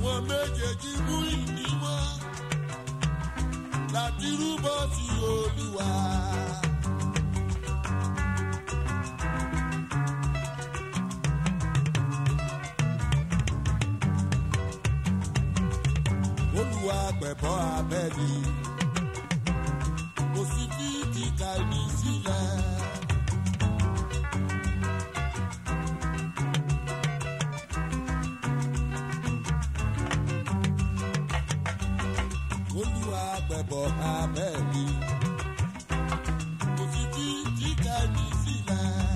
àwọn méjèèjì mú ìní wọn láti rúbọ sí olúwa. olúwa pẹ̀bọ́ abẹ́ni kò sí kí kíkà ní sílẹ̀. olúwa gbẹ̀bọ̀ abẹ́ mi. kò sí tí kíkà ní sílẹ̀.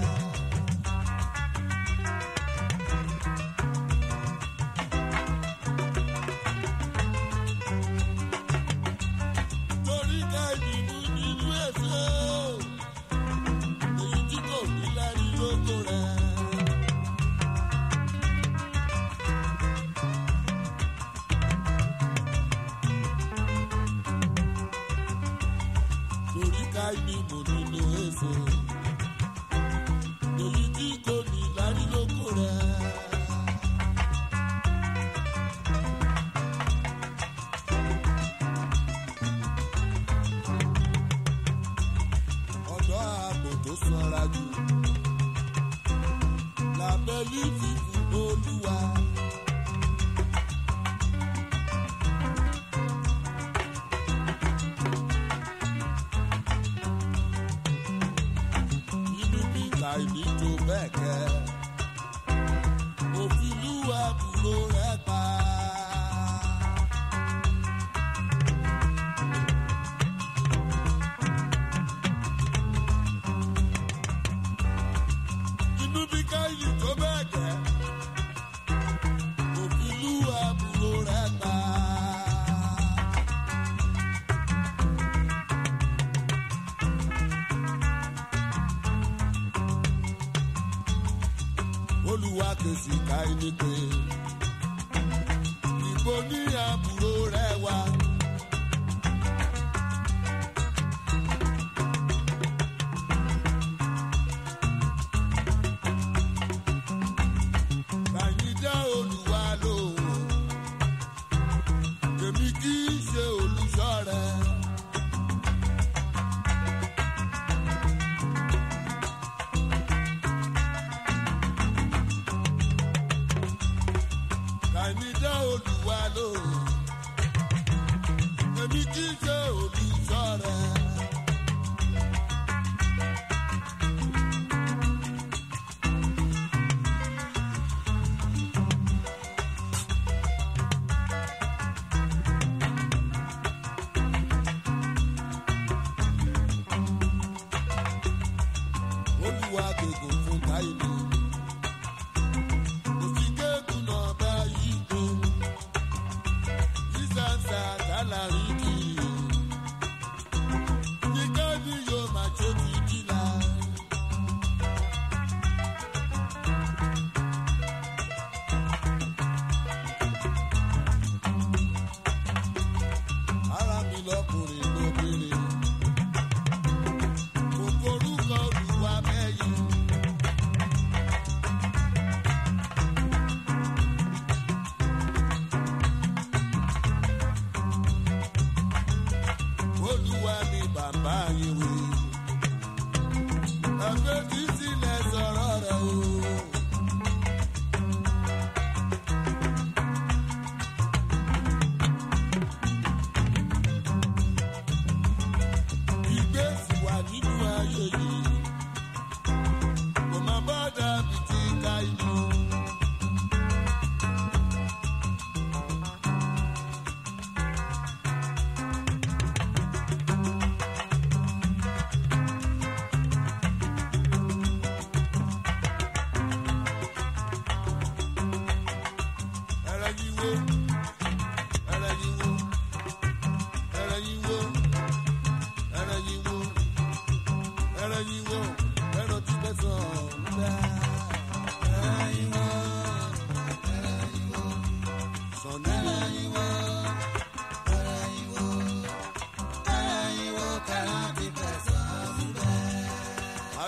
jù làbẹ́lí fífún lóluwà. ibi bíi ta ìbí tó bẹ́ẹ̀ kẹ́. Ẹnikẹ́ni tó bẹ́ẹ̀ gẹ́, òfìlú àbúrò rẹ̀ ta. Olúwa kèsì ká ẹni pé, ìgbóni àbúrò. àìnídá olúwa lóòrùn.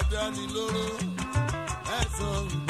Adánilóró ẹ̀sán.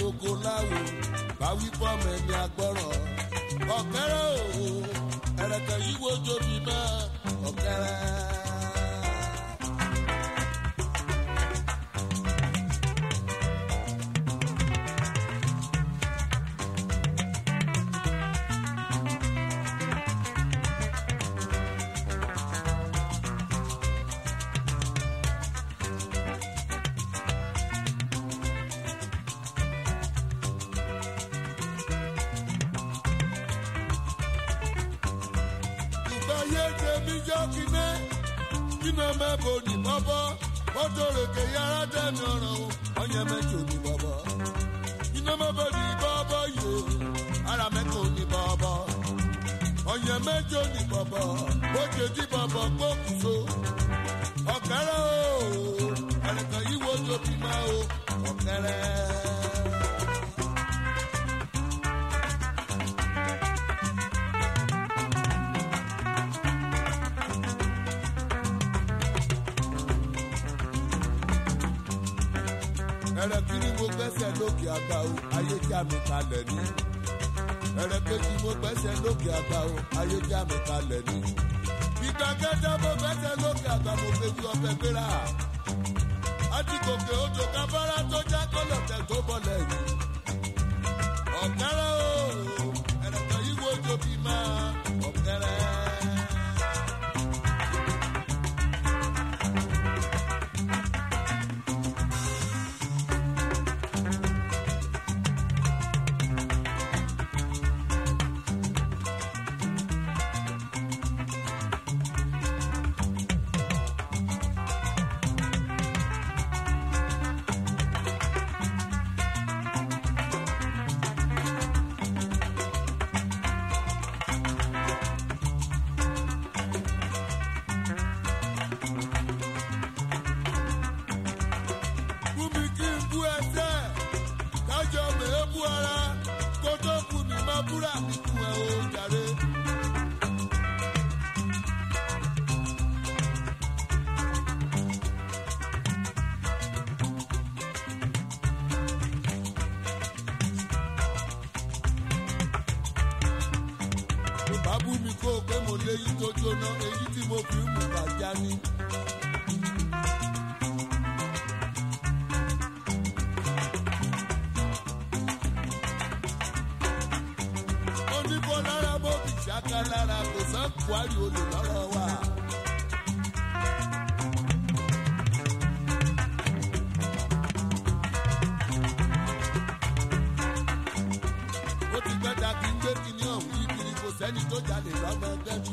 kókó láwo bá wí fọ́ọ̀mù ẹni agbọ́rọ̀ ọ̀kẹ́rẹ́ òwò kẹ̀kẹ́ yíwo jòdì máa ọ̀kẹ́rẹ́. ayé tèmi jọ kíné kíná mẹ́bò ní bọ́bọ́ mọ́tò rèké yàrá dẹ́nu ọ̀ràn o ọ̀yẹ́ mẹ́jọ ní bọ́bọ́ kíná mẹ́bò ní bọ́bọ́ yòó ara mẹ́kò ní bọ́bọ́ ọ̀yẹ́ mẹ́jọ ní bọ́bọ́ bójú tí bọ́bọ́ gbókùsó ọ̀kẹ́rẹ́ o ẹ̀rẹ̀kẹ́ yíwo tó bí máa o ọ̀kẹ́rẹ́. ẹ̀rẹ̀kiri mo gbẹ́sẹ̀ lókè àgbà o ayé já mi kalẹ̀ ni. ẹ̀rẹ̀kejì mo gbẹ́sẹ̀ lókè àgbà o ayé já mi kalẹ̀ ni. ìgbà kẹta mo gbẹ́sẹ̀ lókè àgbà mo gbẹ́jú ọbẹ̀ gbéra. àtìkòkè òjò kábàárà tó já kọ́lọ̀tẹ̀ tó bọ̀lẹ̀ yìí. ọ̀kẹ́rẹ́ o. èyí tó jóná èyí tí mo fi ń mú bàjá ni. ó lára bó fi ṣáká lára kò sán kwari olè lọ́rọ̀ wa. ó ti gbẹ́dà kí n gbé kí ní ọ̀hún yìí sẹ́ni tó jalè lọ́mọdé mi.